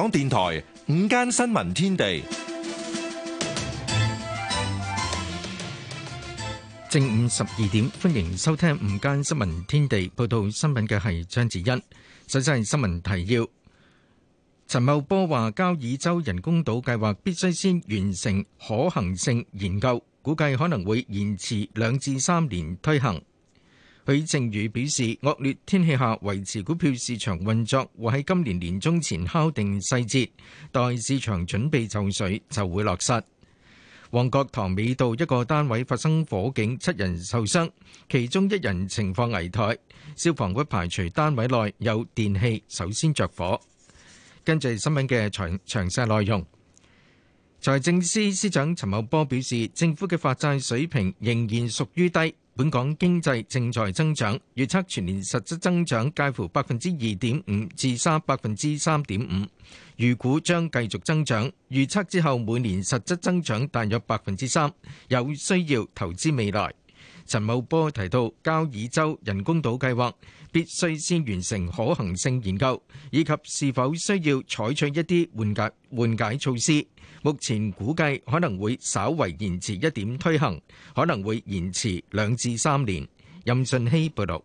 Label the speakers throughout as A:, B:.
A: 港電台午間新
B: 聞天地，正午十二點。歡迎收聽午間新聞天地，報道新聞嘅係張子欣。首先係新聞提要：陳茂波話，交椅洲人工島計劃必須先完成可行性研究，估計可能會延遲兩至三年推行。許正宇表示，惡劣天氣下維持股票市場運作，會喺今年年中前敲定細節，待市場準備就緒就會落實。旺角塘尾道一個單位發生火警，七人受傷，其中一人情況危殆。消防局排除單位內有電器首先著火。跟住新聞嘅詳詳細內容。財政司司長陳茂波表示，政府嘅發債水平仍然屬於低，本港經濟正在增長，預測全年實質增長介乎百分之二點五至三百分之三點五，預估將繼續增長，預測之後每年實質增長大約百分之三，有需要投資未來。陳茂波提到，交椅洲人工島計劃。必須先完成可行性研究，以及是否需要採取一啲緩解緩解措施。目前估計可能會稍為延遲一點推行，可能會延遲兩至三年。任俊熙報導。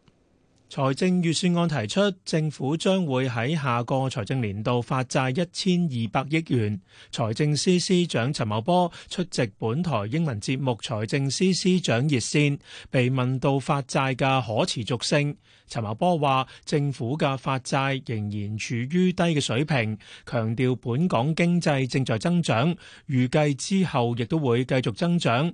B: 財政預算案提
A: 出，政府將會喺下個財政年度發債一千二百億元。財政司司長陳茂波出席本台英文節目《財政司司長熱線》，被問到發債嘅可持續性。陳茂波話，政府嘅發債仍然處於低嘅水平，強調本港經濟正在增長，預計之後亦都會繼續增長。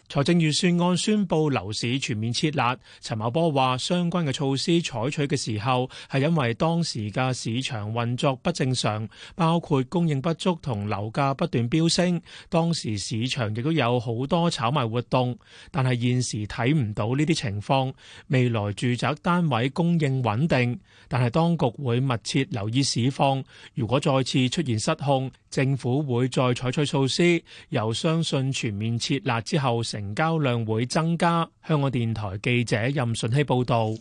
A: 財政預算案宣布樓市全面設立，陳茂波話相關嘅措施採取嘅時候係因為當時嘅市場運作不正常，包括供應不足同樓價不斷飆升，當時市場亦都有好多炒賣活動。但係現時睇唔到呢啲情況，未來住宅單位供應穩定，但係當局會密切留意市況。如果再次出現失控，政府會再採取措施。由相信全面設立之後成成交量會
B: 增加。香港電台記者任順熙報道。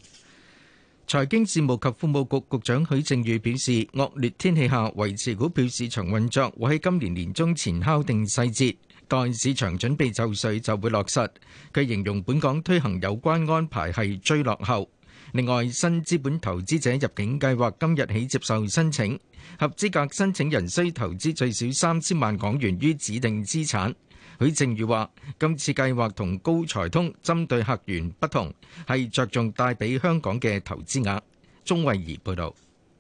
B: 財經事務及庫務局局長許正宇表示，惡劣天氣下維持股票市場運作會喺今年年中前敲定細節，待市場準備就緒就會落實。佢形容本港推行有關安排係追落後。另外，新資本投資者入境計劃今日起接受申請，合資格申請人需投資最少三千萬港元於指定資產。許正宇話：今次計劃同高財通針對客源不同，係着重帶俾香港嘅投資額。鍾慧儀報道，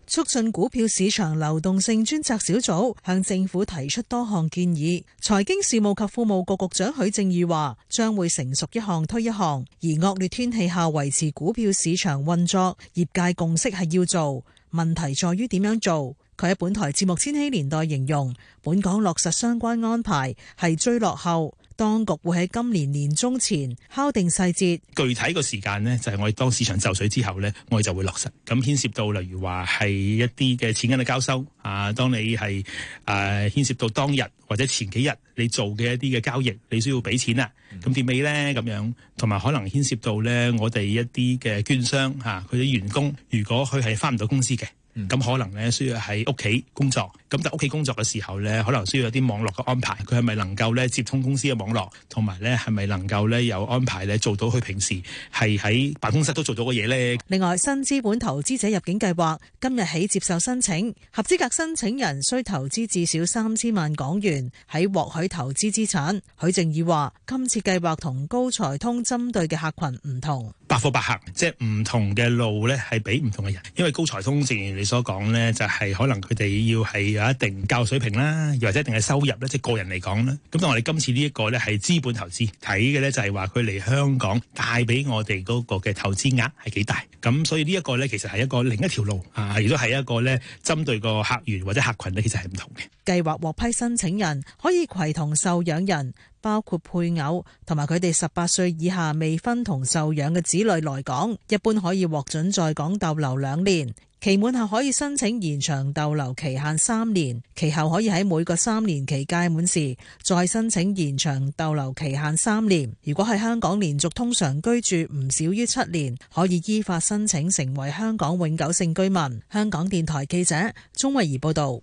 C: 促進股票市場流動性專責小組向政府提出多項建議。財經事務及庫務局局長許正宇話：將會成熟一項推一項，而惡劣天氣下維持股票市場運作，業界共識係要做，問題在於點樣做。佢喺本台節目《千禧年代》形容，本港落實相關安排係最落後，當局會喺今年年中前敲定細節，
D: 具體個時間咧，就係、是、我哋當市場就緒之後咧，我哋就會落實，咁牽涉到例如話，係一啲嘅錢銀嘅交收啊，當你係誒牽涉到當日或者前幾日你做嘅一啲嘅交易，你需要俾錢啦。咁點尾咧咁樣，同埋可能牽涉到咧，我哋一啲嘅券商吓，佢啲員工，如果佢係翻唔到公司嘅。嗯，咁可能咧，需要喺屋企工作。咁但屋企工作嘅時候咧，可能需要有啲網絡嘅安排，佢係咪能夠咧接通公司嘅網絡，同埋咧係咪能夠咧有安排咧做到佢平時係喺辦公室都做到嘅嘢咧？
C: 另外，新資本投資者入境計劃今日起接受申請，合資格申請人需投資至少三千萬港元喺獲許投資資產。許正義話今次計劃同高才通針對嘅客群唔同，
D: 百貨百客，即係唔同嘅路咧，係俾唔同嘅人。因為高才通正如你所講咧，就係、是、可能佢哋要喺。有一定教育水平啦，又或者一定嘅收入咧，即係個人嚟講啦，咁當我哋今次呢一個咧係資本投資睇嘅咧，看的就係話佢嚟香港帶俾我哋嗰個嘅投資額係幾大。咁所以呢一個咧，其實係一個另一條路啊，亦都係一個咧針對個客源或者客群咧，其實係唔同嘅。
C: 計劃獲批申請人可以携同受養人，包括配偶同埋佢哋十八歲以下未婚同受養嘅子女來港，一般可以獲准在港逗留兩年。期滿後可以申請延長逗留期限三年，其後可以喺每個三年期屆滿時，再申請延長逗留期限三年，如果喺香港連續通常居住唔少於七年，可以依法申請成為香港永久性居民。香港電台記者，鍾慧儀報道。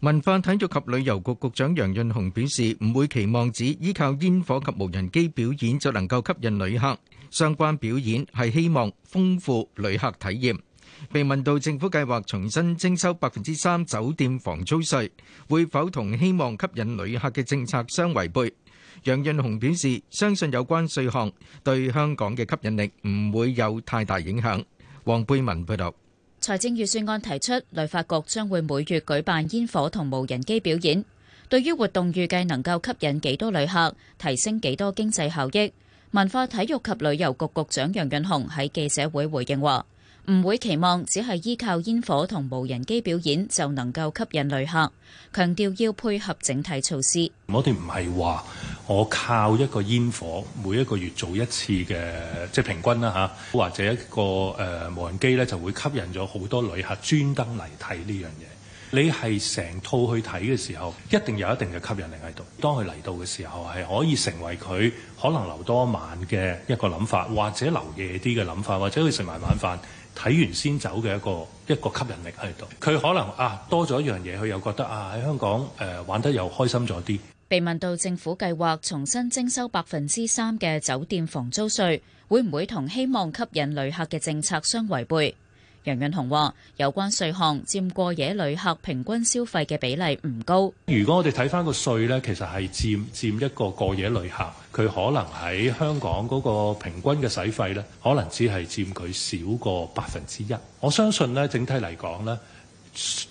B: 文化體育及旅遊局局長楊潤雄表示，唔會期望只依靠煙火及無人機表演就能夠吸引旅客，相關表演係希望豐富旅客體驗。被問到政府計劃重新徵收百分之三酒店房租稅，會否同希望吸引旅客嘅政策相違背？楊潤雄表示，相信有關稅項對香港嘅吸引力唔會有太大影響。黃貝文報道，
E: 財政預算案提出，旅發局將會每月舉辦煙火同無人機表演。對於活動預計能夠吸引幾多旅客，提升幾多經濟效益，文化體育及旅遊局局長楊潤雄喺記者會回應話。唔會期望只係依靠煙火同無人機表演就能夠吸引旅客，強調要配合整體措施。
F: 我哋唔係話，我靠一個煙火每一個月做一次嘅，即係平均啦吓，或者一個誒、呃、無人機咧就會吸引咗好多旅客專登嚟睇呢樣嘢。你係成套去睇嘅時候，一定有一定嘅吸引力喺度。當佢嚟到嘅時候，係可以成為佢可能留多晚嘅一個諗法，或者留夜啲嘅諗法，或者去食埋晚飯。睇完先走嘅一個一個吸引力喺度，佢可能啊多咗一樣嘢，佢又覺得啊喺香港、呃、玩得又開心咗啲。
E: 被問到政府計劃重新徵收百分之三嘅酒店房租稅，會唔會同希望吸引旅客嘅政策相違背？楊潤雄話：有關稅項佔過夜旅客平均消費嘅比例唔高。
F: 如果我哋睇翻個稅咧，其實係佔佔一個過夜旅客，佢可能喺香港嗰個平均嘅使費咧，可能只係佔佢少過百分之一。我相信咧，整體嚟講咧，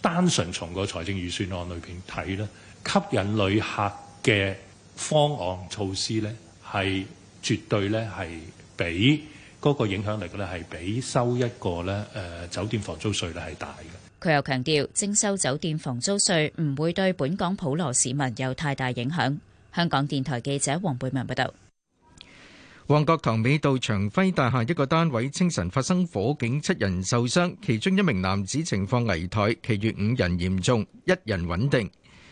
F: 單純從個財政預算案裏邊睇咧，吸引旅客嘅方案措施咧，係絕對咧係比。嗰個影響力咧係比收一個咧，誒酒店房租稅咧係大嘅。
E: 佢又強調，徵收酒店房租稅唔會對本港普羅市民有太大影響。香港電台記者黃貝文報道。
B: 旺角塘尾道長輝大廈一個單位清晨發生火警，七人受傷，其中一名男子情況危殆，其餘五人嚴重，一人穩定。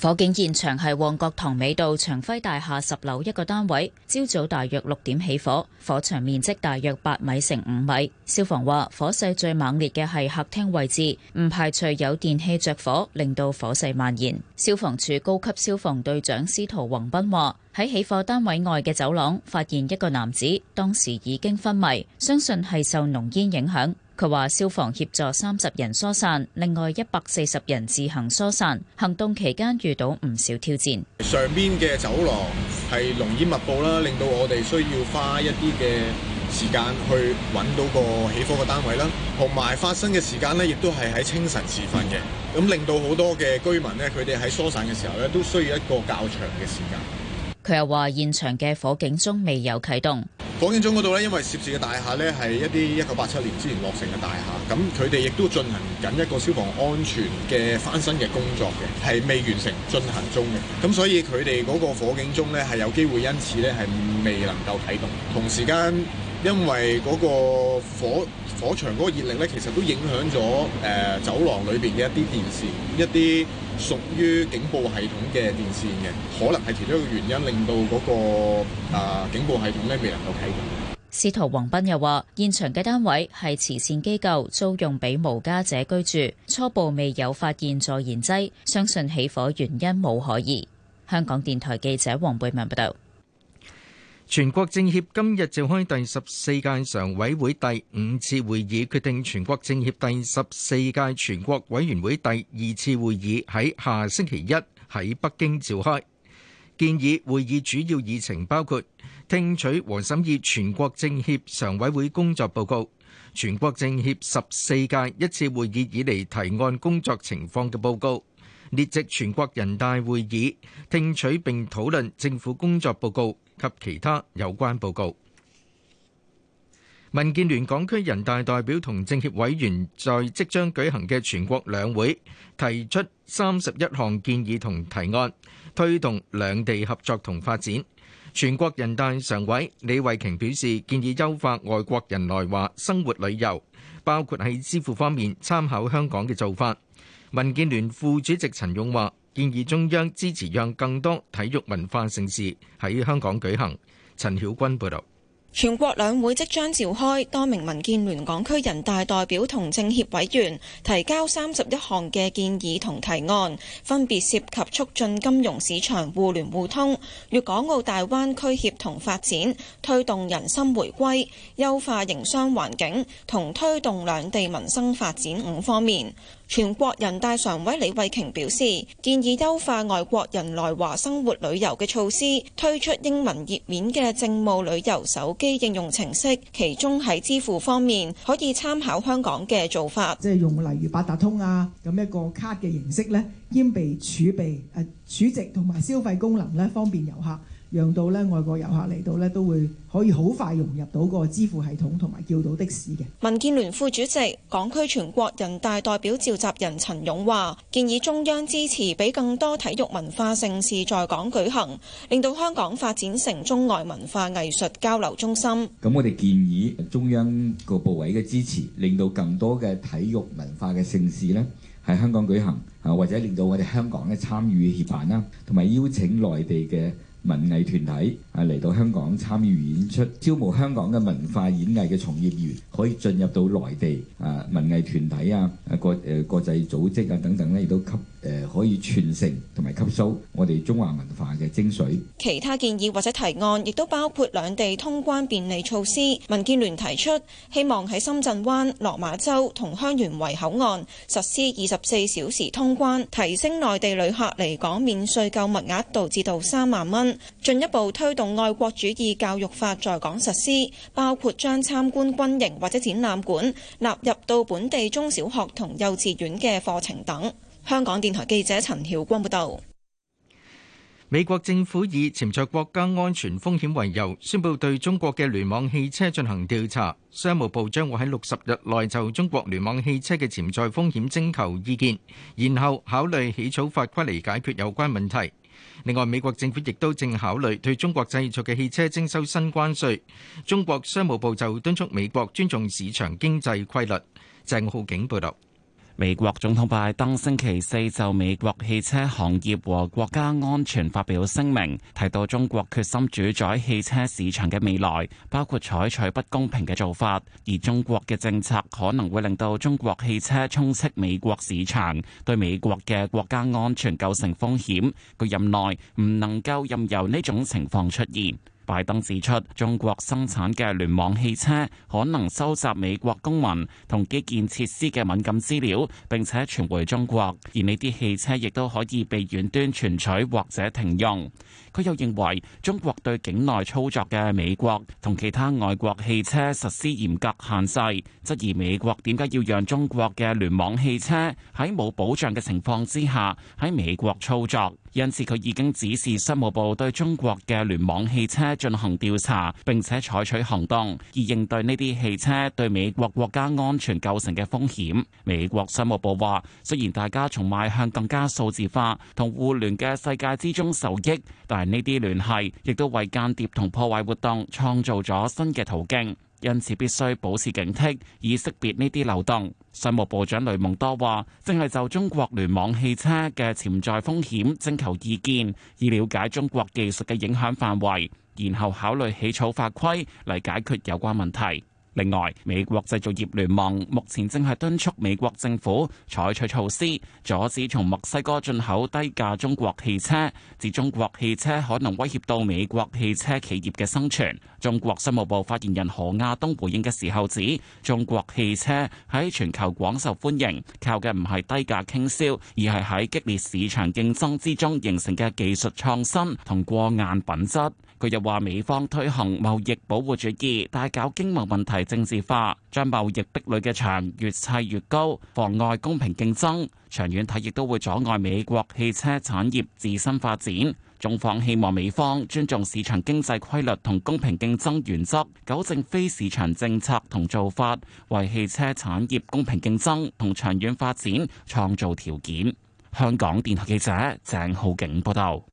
E: 火警現場係旺角塘尾道長輝大廈十樓一個單位，朝早大約六點起火，火場面積大約八米乘五米。消防話火勢最猛烈嘅係客廳位置，唔排除有電器着火令到火勢蔓延。消防處高級消防隊長司徒宏斌話：喺起火單位外嘅走廊發現一個男子，當時已經昏迷，相信係受濃煙影響。佢話：他說消防協助三十人疏散，另外一百四十人自行疏散。行動期間遇到唔少挑戰，
G: 上面嘅走廊係濃煙密佈啦，令到我哋需要花一啲嘅時間去揾到個起火嘅單位啦。同埋發生嘅時間呢，亦都係喺清晨時分嘅，咁令到好多嘅居民呢，佢哋
H: 喺疏散嘅時候呢，都需要一個較長嘅時間。
E: 佢又話：現場嘅火警鐘未有啟動。
H: 火警鐘嗰度咧，因為涉事嘅大廈咧係一啲一九八七年之前落成嘅大
B: 廈，咁佢哋亦都進行緊一個消防安全嘅翻新嘅工作嘅，係未完成進行中嘅，咁所以佢哋嗰個火警鐘咧係有機會因此咧係未能夠啟動。同時間，因為嗰個火火場嗰個熱力咧，其實都影響咗、呃、走廊裏面嘅一啲電視一啲。屬於警報系統嘅電線嘅，可能係其中一個原因令到嗰個啊警
E: 報系統咧未能夠啟動。司徒黃斌又話，現場嘅單位係慈善機構租用俾無家者居住，初步未有發現助燃劑，相信起火原因冇可疑。香港電台記者黃貝文報道。
B: 全國政協今日召開第十四屆常委會第五次會議，決定全國政協第十四屆全國委員會第二次會議喺下星期一喺北京召開。建議會議主要議程包括聽取和審議全國政協常委會工作報告、全國政協十四屆一次會議以嚟提案工作情況嘅報告，列席全國人大會議，聽取並討論政府工作報告，及其他有關報告，民建聯港區人大代表同政協委員在即將舉行嘅全國兩會提出三十一項建議同提案，推動兩地合作同發展。全國人大常委李慧瓊表示，建議優化外國人來華生活旅遊，包括喺支付方面參考香港嘅做法。民建聯副主席陳勇話：建議中央支持讓更多體育文化盛事喺香港舉行。陳曉君報道，
I: 全國兩會即將召開，多名民建聯港區人大代表同政協委員提交三十一項嘅建議同提案，分別涉及促進金融市場互聯互通、粵港澳大灣區協同發展、推動人心回歸、優化營商環境同推動兩地民生發展五方面。全國人大常委李慧瓊表示，建議優化外國人來華生活旅遊嘅措施，推出英文頁面嘅政務旅遊手機應用程式。其中喺支付方面，可以參考香港
J: 嘅做法，即係用例如八達通啊咁一個卡嘅形式咧，兼備儲備誒、啊、儲值同埋消費功能咧，方便遊客。讓到咧外國遊客嚟到咧，都會可以好快融入到個支付系統，同埋叫到的士嘅。
I: 民建聯副主席、港區全國人大代表召集人陳勇話：建議中央支持，俾更多體育文化盛事在港舉行，令到香港發展成中外文化藝術交流中心。
H: 咁我哋建議中央個部委嘅支持，令到更多嘅體育文化嘅盛事呢喺香港舉行啊，或者令到我哋香港咧參與協辦啦，同埋邀請內地嘅。文藝團體啊嚟到香港參與演出，招募香港嘅文化演藝嘅從業員，可以進入到內地啊文藝團體啊、啊國誒、呃、國際組織啊等等咧、啊，亦都吸。誒可以傳承同埋吸收我哋中華文化嘅精髓。
I: 其他建議或者提案，亦都包括兩地通關便利措施。民建聯提出希望喺深圳灣、落馬洲同香園圍口岸實施二十四小時通關，提升內地旅客離港免稅購物額度至到三萬蚊，進一步推動愛國主義教育法在港實施，包括將參觀軍營或者展覽館納入到本地中小學同幼稚園嘅課程等。香港電台記者陳曉光報道，
B: 美國政府以潛在國家安全風險為由，宣布對中國嘅聯網汽車進行調查。商務部將會喺六十日內就中國聯網汽車嘅潛在風險徵求意見，然後考慮起草法規嚟解決有關問題。另外，美國政府亦都正考慮對中國製造嘅汽車徵收新關稅。中國商務部就敦促美國尊重市場經濟規律。
K: 鄭浩景報道。美國總統拜登星期四就美國汽車行業和國家安全發表聲明，提到中國決心主宰汽車市場嘅未來，包括採取不公平嘅做法，而中國嘅政策可能會令到中國汽車充斥美國市場，對美國嘅國家安全構成風險。佢任內唔能夠任由呢種情況出現。拜登指出，中國生產嘅聯網汽車可能收集美國公民同基建設施嘅敏感資料，並且傳回中國，而呢啲汽車亦都可以被遠端存取或者停用。佢又認為中國對境內操作嘅美國同其他外國汽車實施嚴格限制，質疑美國點解要讓中國嘅聯網汽車喺冇保障嘅情況之下喺美國操作。因此，佢已經指示商務部對中國嘅聯網汽車進行調查，並且採取行動，以應對呢啲汽車對美國國家安全構成嘅風險。美國商務部話：雖然大家從邁向更加數字化同互聯嘅世界之中受益，但係呢啲聯繫亦都為間諜同破壞活動創造咗新嘅途徑。因此，必須保持警惕，以識別呢啲漏洞。商務部長雷蒙多話正係就中國聯網汽車嘅潛在風險徵求意見，以了解中國技術嘅影響範圍，然後考慮起草法規嚟解決有關問題。另外，美國製造業聯盟目前正係敦促美國政府採取措施，阻止從墨西哥進口低價中國汽車，指中國汽車可能威脅到美國汽車企業嘅生存。中國商務部發言人何亞東回應嘅時候指，中國汽車喺全球廣受歡迎，靠嘅唔係低價傾銷，而係喺激烈市場競爭之中形成嘅技術創新同過硬品質。佢又話：美方推行貿易保護主義，大搞經貿問題政治化，將貿易壁壘嘅牆越砌越高，妨礙公平競爭。長遠睇，亦都會阻礙美國汽車產業自身發展。中方希望美方尊重市場經濟規律同公平競爭原則，糾正非市場政策同做法，為汽車產業公平競爭同長遠發展創造條件。香港電台記者鄭浩景報道。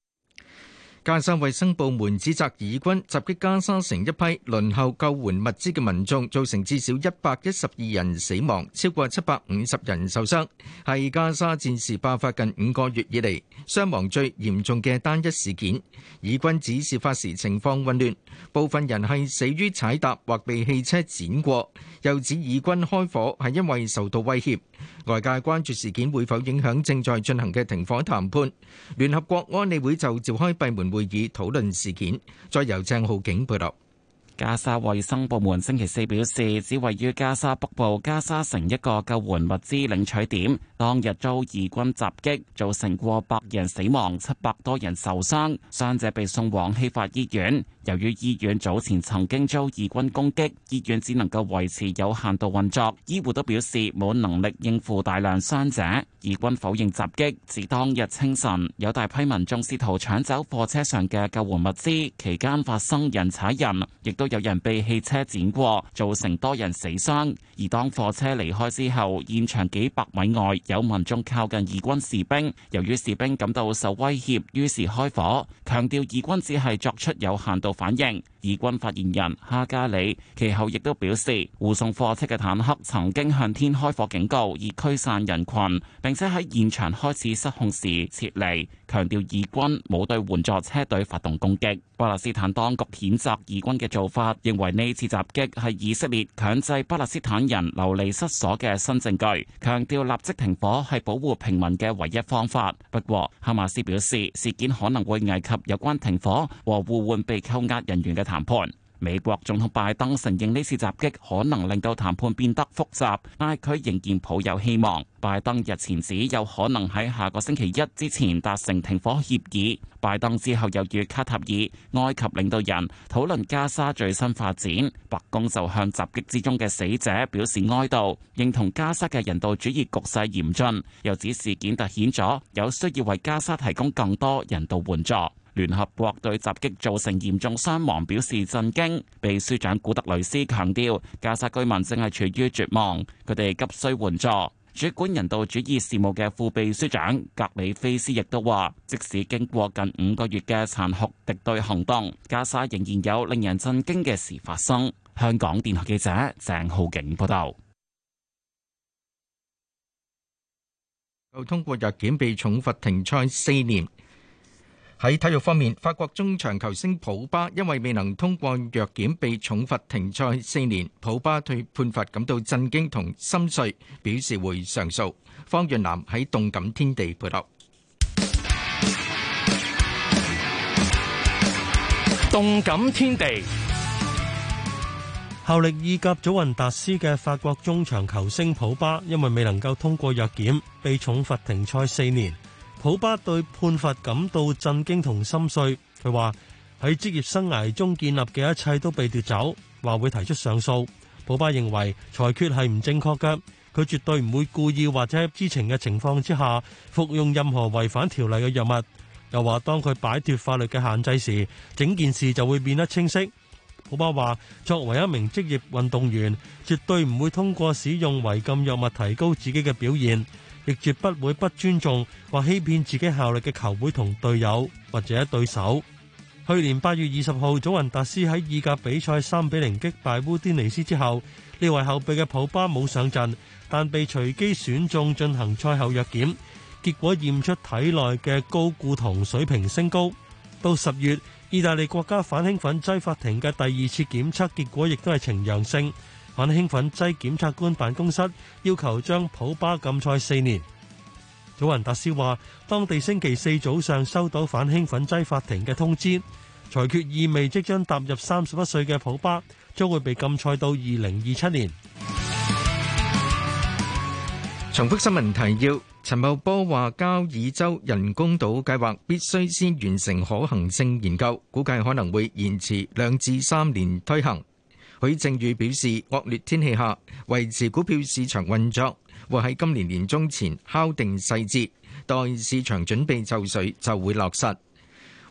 K: 加沙衛生部門指責以軍襲擊加沙
B: 城一批輪候救援物資嘅民眾，造成至少一百一十二人死亡，超過七百五十人受傷，係加沙戰事爆發近五個月以嚟傷亡最嚴重嘅單一事件。以軍指事發時情況混亂，部分人係死於踩踏或被汽車碾過。又指以軍開火係因為受到威脅，外界關注事件會否影響正在進行嘅停火談判。聯合國安理會就召開閉門會議討論事件。再由鄭浩景報導。
K: 加沙衛生部門星期四表示，只位於加沙北部加沙城一個救援物資領取點，當日遭以軍襲擊，造成過百人死亡，七百多人受傷，傷者被送往希法醫院。由於醫院早前曾經遭以軍攻擊，醫院只能夠維持有限度運作，醫護都表示冇能力應付大量傷者。以軍否認襲擊，至當日清晨有大批民眾試圖搶走貨車上嘅救援物資，期間發生人踩人，亦都有人被汽車碾過，造成多人死傷。而當貨車離開之後，現場幾百米外有民眾靠近以軍士兵，由於士兵感到受威脅，於是開火，強調以軍只係作出有限度。反應，以軍發言人哈加里其後亦都表示，護送貨車嘅坦克曾經向天開火警告，以驅散人群，並且喺現場開始失控時撤離，強調以軍冇對援助車隊發動攻擊。巴勒斯坦當局譴責以軍嘅做法，認為呢次襲擊係以色列強制巴勒斯坦人流離失所嘅新證據，強調立即停火係保護平民嘅唯一方法。不過，哈馬斯表示事件可能會危及有關停火和互換被扣。押人員嘅談判，美國總統拜登承認呢次襲擊可能令到談判變得複雜，但係佢仍然抱有希望。拜登日前指有可能喺下個星期一之前達成停火協議。拜登之後又與卡塔爾、埃及領導人討論加沙最新發展。白宮就向襲擊之中嘅死者表示哀悼，認同加沙嘅人道主義局勢嚴峻，又指事件突顯咗有需要為加沙提供更多人道援助。聯合國對襲擊造成嚴重傷亡表示震驚。秘書長古特雷斯強調，加沙居民正係處於絕望，佢哋急需援助。主管人道主義事務嘅副秘書長格里菲斯亦都話，即使經過近五個月嘅殘酷敵對行動，加沙仍然有令人震驚嘅事發生。香港電台記者鄭浩景報道。又通過藥檢被重罰停賽四年。
B: 喺體育方面，法國中場球星普巴因為未能通過藥檢，被重罰停賽四年。普巴對判罰感到震驚同心碎，表示會上訴。方潤南喺動感天地報道。
L: 動感天地，效力意甲祖雲達斯嘅法國中場球星普巴，因為未能夠通過藥檢，被重罰停賽四年。普巴對判罰感到震驚同心碎，佢話喺職業生涯中建立嘅一切都被奪走，話會提出上訴。普巴認為裁決係唔正確嘅，佢絕對唔會故意或者喺知情嘅情況之下服用任何違反條例嘅藥物。又話當佢擺脫法律嘅限制時，整件事就會變得清晰。普巴話：作為一名職業運動員，絕對唔會通過使用違禁藥物提高自己嘅表現。亦絕不會不尊重或欺騙自己效力嘅球會同隊友或者對手。去年八月二十號，祖雲達斯喺意甲比賽三比零擊敗烏丁尼斯之後，呢位後備嘅普巴冇上陣，但被隨機選中進行賽後藥檢，結果驗出體內嘅高固酮水平升高。到十月，意大利國家反興奮劑法庭嘅第二次檢測結果亦都係呈陽性。反興奮劑檢察官辦公室要求將普巴禁賽四年。祖雲達斯話：當地星期四早上收到反興奮劑法庭嘅通知，裁決意味即將踏入三十一歲嘅普巴將會被禁賽到二零二七年。
B: 重複新聞提要：陳茂波話，交椅洲人工島計劃必須先完成可行性研究，估計可能會延遲兩至三年推行。許正宇表示，惡劣天氣下維持股票市場運作，會喺今年年中前敲定細節，待市場準備就緒就會落實。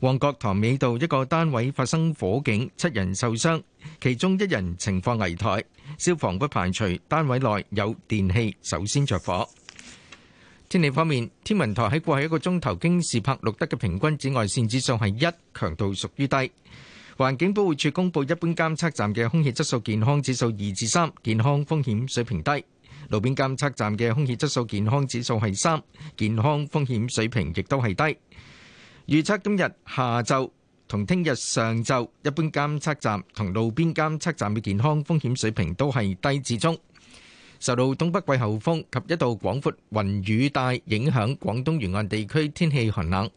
B: 旺角塘尾道一個單位發生火警，七人受傷，其中一人情況危殆。消防不排除單位內有電器首先着火。天氣方面，天文台喺過去一個鐘頭經京士柏錄得嘅平均紫外線指數係一，強度屬於低。環境保護署公布一般監測站嘅空氣質素健康指數二至三，健康風險水平低；路邊監測站嘅空氣質素健康指數係三，健康風險水平亦都係低。預測今日下晝同聽日上晝，一般監測站同路邊監測站嘅健康風險水平都係低至中。受到東北季候風及一道廣闊雲雨帶影響，廣東沿岸地區天氣寒冷。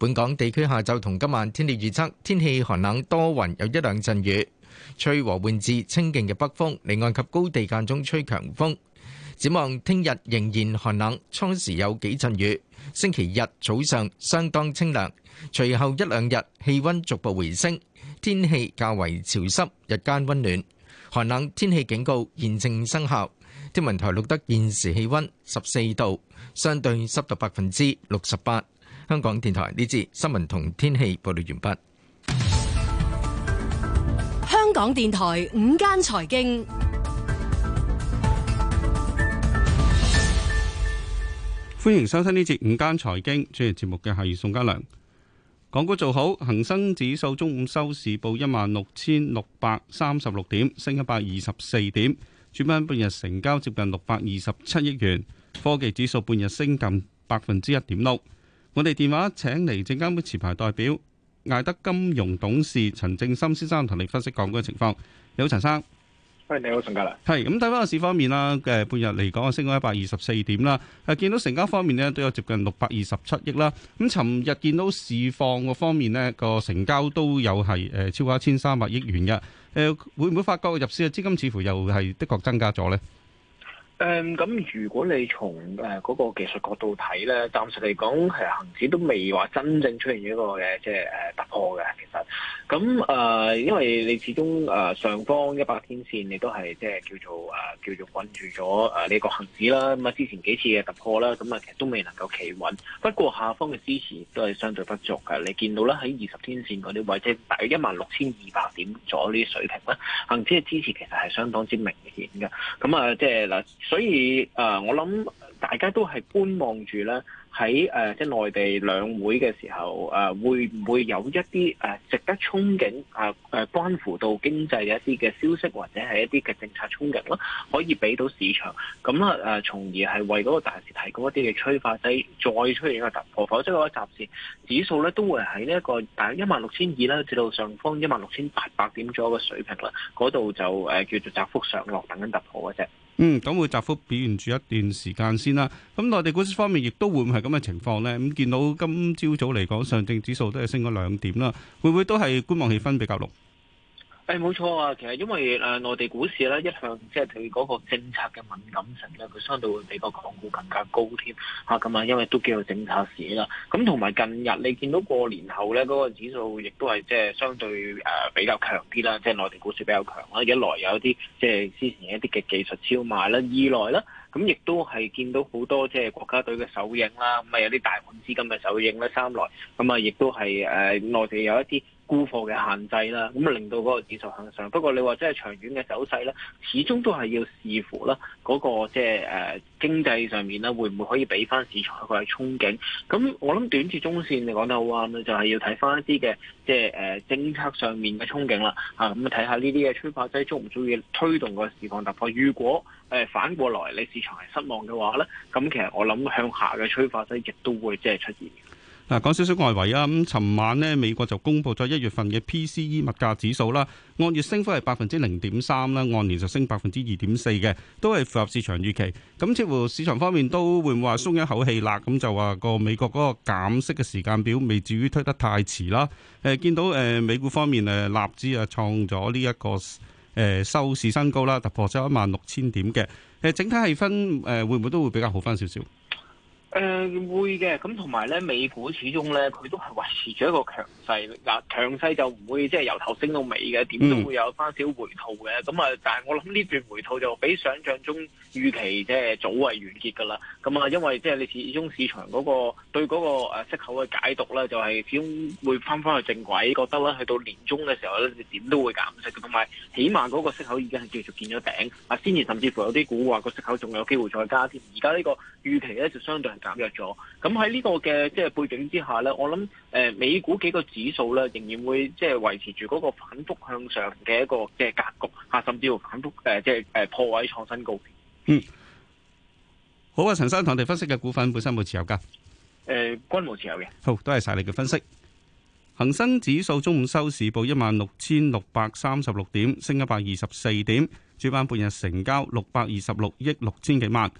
B: 本港地區下晝同今晚天氣預測，天氣寒冷多雲，有一兩陣雨，吹和緩至清勁嘅北風，離岸及高地間中吹強風。展望聽日仍然寒冷，初時有幾陣雨。星期日早上相當清涼，隨後一兩日氣溫逐步回升，天氣較為潮濕，日間溫暖。寒冷天氣警告現正生效。天文台錄得現時氣溫十四度，相對濕度百分之六十八。香港電台呢節新聞同天氣報道完畢。
C: 香港電台午間財經。
M: 歡迎收聽呢節午間財經，主持節目嘅係宋家良。港股做好，恒生指數中午收市報一萬六千六百三十六點，升一百二十四點。主板半日成交接近六百二十七億元。科技指數半日升近百分之一點六。我哋電話請嚟證監會持牌代表艾德金融董事陳正森先生同你分析港股嘅情況。你好，陳生，
G: 歡迎你好陳家良。
M: 係咁，睇翻個市方面啦，嘅半日嚟講升咗一百二十四點啦。誒，見到成交方面呢都有接近六百二十七億啦。咁尋日見到市況方面呢個成交都有係誒超過一千三百億元嘅。誒，會唔會發覺入市嘅資金似乎又係的確增加咗呢？
G: 誒咁，嗯、那如果你從誒嗰、呃那個技術角度睇咧，暫時嚟講，其實恆指都未話真正出現一個嘅即係誒、啊、突破嘅。其實，咁誒、呃，因為你始終誒、呃、上方一百天線，你都係即係叫做誒、啊、叫做困住咗誒呢個恆指啦。咁啊，之前幾次嘅突破啦，咁啊，其實都未能夠企穩。不過下方嘅支持都係相對不足嘅。你見到咧，喺二十天線嗰啲位，即係大約一萬六千二百點左右呢啲水平啦。恆指嘅支持其實係相當之明顯嘅。咁啊，即係嗱。所以，誒、呃，我諗大家都係觀望住咧，喺誒，即、呃、係、就是、內地兩會嘅時候，誒、呃，會唔會有一啲誒、呃、值得憧憬、誒、呃、誒、呃、關乎到經濟嘅一啲嘅消息，或者係一啲嘅政策憧憬咧，可以俾到市場咁啦，誒、呃，從而係為嗰個大市提供一啲嘅催化劑，再出現一個突破。否則嘅話，暫時指數咧都會喺呢一個大約一萬六千二啦，至到上方一萬六千八百點左右嘅水平啦，嗰度就誒叫做窄幅上落，等緊突破嘅啫。
M: 嗯，咁會窄幅表現住一段時間先啦。咁內地股市方面，亦都會唔係咁嘅情況呢？咁見到今朝早嚟講，上證指數都係升咗兩點啦，會唔會都係觀望氣氛比較濃？
G: 係冇錯啊，其實因為誒、呃、內地股市咧，一向即係佢嗰個政策嘅敏感性咧，佢相對會比較港股更加高添咁啊，因為都叫做政策市啦。咁同埋近日你見到過年後咧，嗰、那個指數亦都係即係相對誒、呃、比較強啲啦，即、就、係、是、內地股市比較強啦。一來有啲即係之前一啲嘅技術超賣啦，二來啦，咁亦都係見到好多即係國家隊嘅首映啦，咁啊有啲大盤資金嘅首映啦，三來咁啊亦、啊、都係誒、呃、內地有一啲。沽貨嘅限制啦，咁啊令到嗰個指數向上。不過你話真係長遠嘅走勢咧，始終都係要視乎啦、那、嗰個即係誒經濟上面啦，會唔會可以俾翻市場一個憧憬？咁我諗短至中線你講得好啱啦，就係、是、要睇翻一啲嘅即係誒政策上面嘅憧憬啦。嚇咁啊睇下呢啲嘅催化劑足唔足夠推動個市況突破。如果誒、呃、反過來你市場係失望嘅話咧，咁其實我諗向下嘅催化劑亦都會即係、就是、出現。
M: 啊，講少少外圍啊！咁尋晚呢，美國就公布咗一月份嘅 PCE 物價指數啦，按月升幅係百分之零點三啦，按年就升百分之二點四嘅，都係符合市場預期。咁似乎市場方面都會話鬆一口氣啦，咁就話個美國嗰個減息嘅時間表未至於推得太遲啦。誒，見到誒美股方面誒納指啊，創咗呢一個誒收市新高啦，突破咗一萬六千點嘅。誒，整體氣氛誒會唔會都會比較好返少少？
G: 誒、呃，會嘅，咁同埋咧，美股始終咧，佢都係維持住一個強勢，嗱強勢就唔會即係由頭升到尾嘅，點都會有翻少回吐嘅，咁啊，但係我諗呢段回吐就比想象中預期即係早為完結噶啦，咁啊，因為即係你始終市場嗰、那個對嗰個誒息口嘅解讀咧，就係、是、始終會翻翻去正軌，覺得咧去到年中嘅時候咧，點都會減息嘅，同埋起碼嗰個息口已經係繼續見咗頂，啊，先至甚至乎有啲估話個息口仲有機會再加添，而家呢個預期咧就相對。減弱咗，咁喺呢個嘅即係背景之下呢，我諗誒美股幾個指數呢，仍然會即係維持住嗰個反復向上嘅一個嘅格局吓，甚至乎反復誒即係誒破位創新高。
M: 嗯，好啊，陳生，同我哋分析嘅股份本身有冇持有噶
G: 誒，均冇持有嘅。
M: 好，多謝晒你嘅分析。恒生指數中午收市報一萬六千六百三十六點，升一百二十四點，主板半日成交六百二十六億六千幾萬。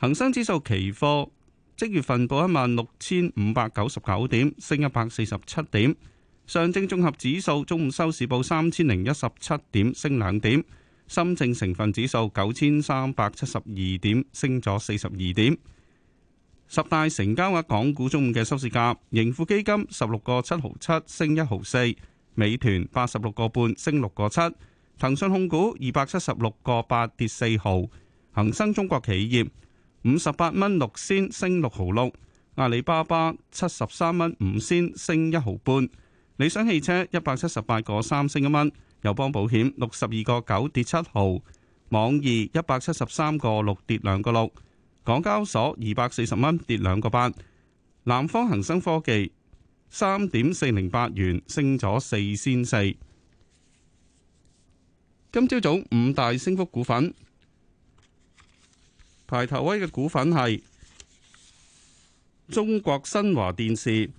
M: 恒生指數期貨。即月份報一萬六千五百九十九點，升一百四十七點。上證綜合指數中午收市報三千零一十七點，升兩點。深證成分指數九千三百七十二點，升咗四十二點。十大成交額港股中午嘅收市價，盈富基金十六個七毫七，升一毫四；美團八十六個半，升六個七；騰訊控股二百七十六個八，跌四毫；恒生中國企業。五十八蚊六仙升六毫六，阿里巴巴七十三蚊五仙升一毫半，理想汽車一百七十八個三升一蚊，友邦保險六十二個九跌七毫，網易一百七十三個六跌兩個六，港交所二百四十蚊跌兩個八，南方恒生科技三點四零八元升咗四仙四，今朝早五大升幅股份。排頭位嘅股份係中國新華電視，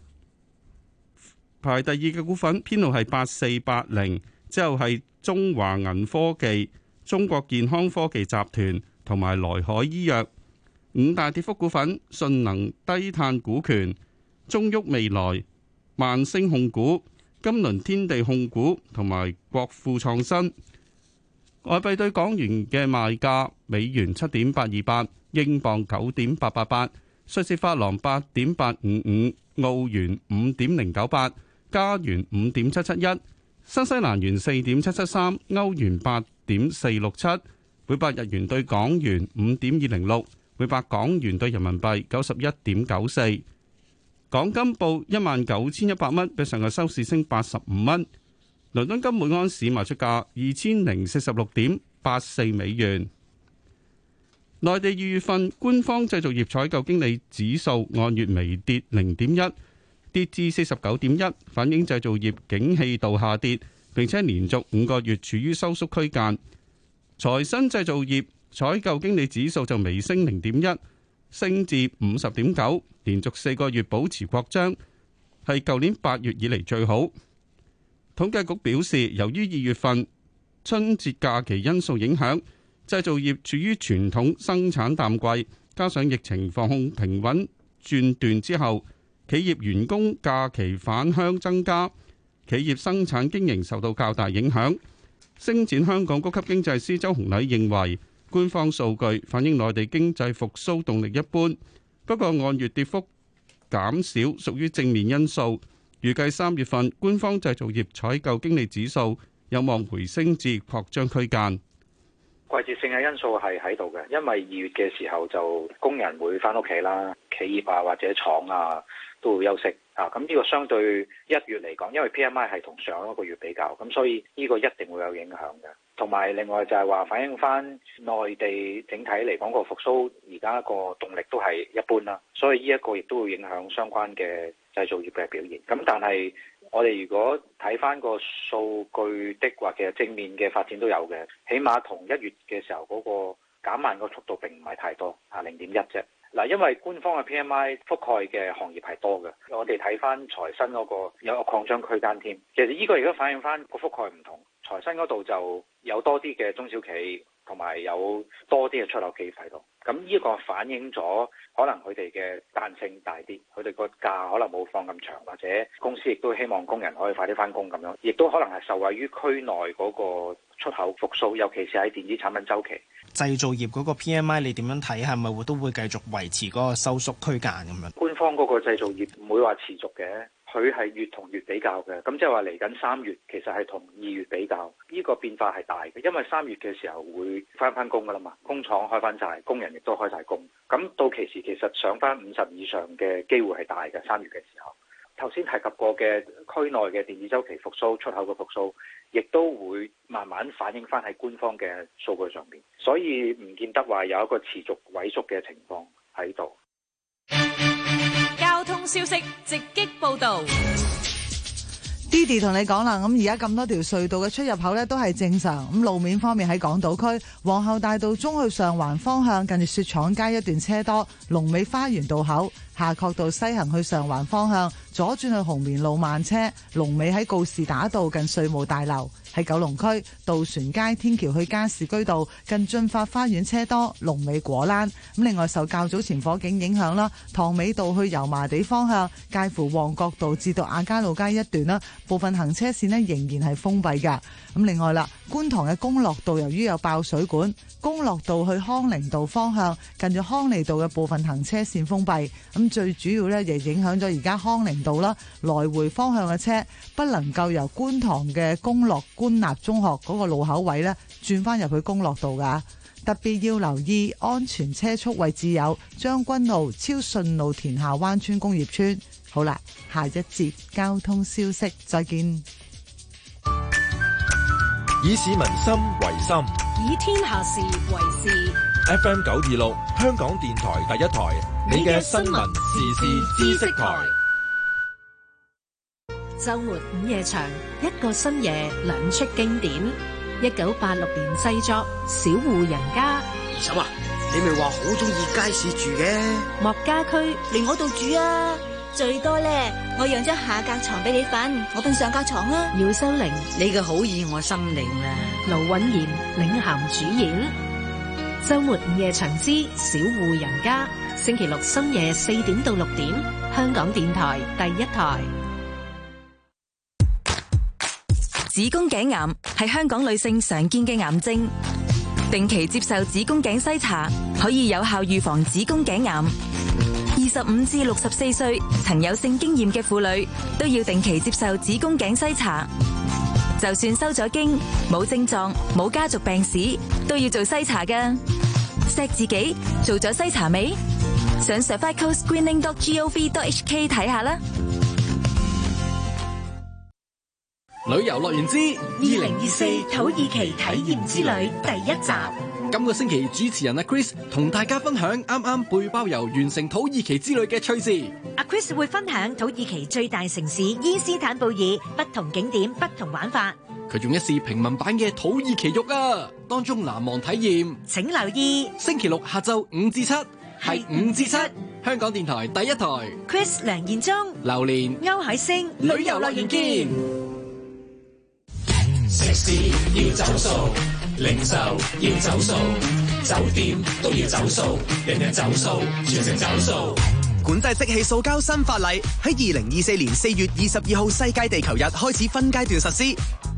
M: 排第二嘅股份編號係八四八零，之後係中華銀科技、中國健康科技集團同埋來海醫藥。五大跌幅股份：信能低碳股權、中旭未來、萬星控股、金輪天地控股同埋國富創新。外幣對港元嘅賣價：美元七點八二八，英鎊九點八八八，瑞士法郎八點八五五，澳元五點零九八，加元五點七七一，新西蘭元四點七七三，歐元八點四六七，每百日元對港元五點二零六，每百港元對人民幣九十一點九四。港金報一萬九千一百蚊，比上日收市升八十五蚊。倫敦金每安士賣出價二千零四十六點八四美元。內地二月份官方製造業採購經理指數按月微跌零點一，跌至四十九點一，反映製造業景氣度下跌，並且連續五個月處於收縮區間。財新製造業採購經理指數就微升零點一，升至五十點九，連續四個月保持擴張，係舊年八月以嚟最好。統計局表示，由於二月份春節假期因素影響，製造業處於傳統生產淡季，加上疫情防控平穩轉段之後，企業員工假期返鄉增加，企業生產經營受到較大影響。星展香港高級經濟師周洪禮認為，官方數據反映內地經濟復甦動力一般，不過按月跌幅減少屬於正面因素。預計三月份官方製造業採購經理指數有望回升至擴張區間。
H: 季節性嘅因素係喺度嘅，因為二月嘅時候就工人會翻屋企啦，企業啊或者廠啊都會休息啊。咁呢個相對一月嚟講，因為 PMI 係同上一個月比較，咁所以呢個一定會有影響嘅。同埋另外就係話反映翻內地整體嚟講，個復甦，而家個動力都係一般啦，所以呢一個亦都會影響相關嘅製造業嘅表現，咁但係我哋如果睇翻個數據的話，其實正面嘅發展都有嘅，起碼同一月嘅時候嗰個減慢個速度並唔係太多，啊零點一啫。嗱，因為官方嘅 PMI 覆蓋嘅行業係多嘅，我哋睇翻財新嗰個有擴張區間添。其實呢個如果反映翻個覆蓋唔同，財新嗰度就有多啲嘅中小企，同埋有，有多啲嘅出口企業度。咁呢個反映咗。可能佢哋嘅彈性大啲，佢哋個價可能冇放咁長，或者公司亦都希望工人可以快啲返工咁樣，亦都可能係受惠於區內嗰個出口復甦，尤其是喺電子產品週期。
G: 製造業嗰個 PMI 你點樣睇？係咪會都會繼續維持嗰個收縮區間咁樣？
H: 官方嗰個製造業唔會話持續嘅。佢係月同月比較嘅，咁即係話嚟緊三月其實係同二月比較，呢個變化係大嘅，因為三月嘅時候會返返工㗎啦嘛，工廠開返晒，工人亦都開晒工，咁到期時其實上翻五十以上嘅機會係大嘅，三月嘅時候。頭先提及過嘅區內嘅電子周期復甦、出口嘅復甦，亦都會慢慢反映翻喺官方嘅數據上面，所以唔見得話有一個持續萎縮嘅情況喺度。通消息直擊報道
J: ，Didi 同你講啦，咁而家咁多條隧道嘅出入口咧都係正常，咁路面方面喺港島區皇后大道中去上環方向近住雪廠街一段車多，龍尾花園道口。夏慤道西行去上環方向，左轉去紅棉路慢車，龍尾喺告士打道近稅務大樓，喺九龍區渡船街天橋去加士居道近駿發花園車多，龍尾果欄。咁另外受較早前火警影響啦，塘尾道去油麻地方向，介乎旺角道至到亞皆老街一段啦，部分行車線呢仍然係封閉噶。咁另外啦，觀塘嘅功樂道由於有爆水管，功樂道去康寧道方向近住康利道嘅部分行車線封閉咁。最主要咧，亦影響咗而家康寧道啦，來回方向嘅車不能夠由觀塘嘅功樂官立中學嗰個路口位咧轉翻入去功樂道噶。特別要留意安全車速位置有將軍澳、超順路、田下灣村工業村。好啦，下一節交通消息，再見。
F: 以市民心為心，
A: 以
F: 天下事為事。FM 九二六，香港電台第一台。你嘅新聞時事知識台，
C: 周末午夜場一個深夜兩出經典。一九八六年製作《小戶人家》。
L: 嬸啊，你咪話好中意
E: 街市住嘅，莫家駒嚟我度住啊！最多咧，我讓張下格床俾你瞓，我瞓上格床啦，啊。姚秀玲，你嘅好意我心領啊！
C: 盧韻賢領銜主演《周末午夜場之小戶人家》。星期六深夜四點到六點,香港電台第一台。
E: 子宮頸癌,係香港女性常見嘅癌症。定期接受子宮頸篩查,可以有效預防子宮頸癌。二十五至六十四歲,曾有性經驗嘅婦女,都要定期接受子宮頸篩查。就算收咗經,冇症狀,冇家族病史,都要做篩查㗎。錫自己,做咗篩查未。上 cervicalscreening.gov.hk 睇下啦！
N: 旅遊樂園之二零二四土耳
B: 其體驗之旅第一集，今個星期主持人阿 Chris 同大家分享啱啱背包遊完成土耳其之旅嘅趣事。
I: 阿 Chris 會分享土耳其最大
E: 城市伊斯坦布爾不同景點、不同玩法。
B: 佢仲一試平民版嘅土耳其浴啊，當中難忘體驗，請留意星期六下晝五至七。係五至七，香港電台第一台，Chris 梁彥忠、榴槤、歐海
E: 星，旅遊樂健。
B: 食肆要走
K: 數，零售要走數，酒店都要走數，人人走數，全城走數。
G: 管制即棄塑膠新法例喺二零二四年四月二十二號世界地球日開始分階段實施。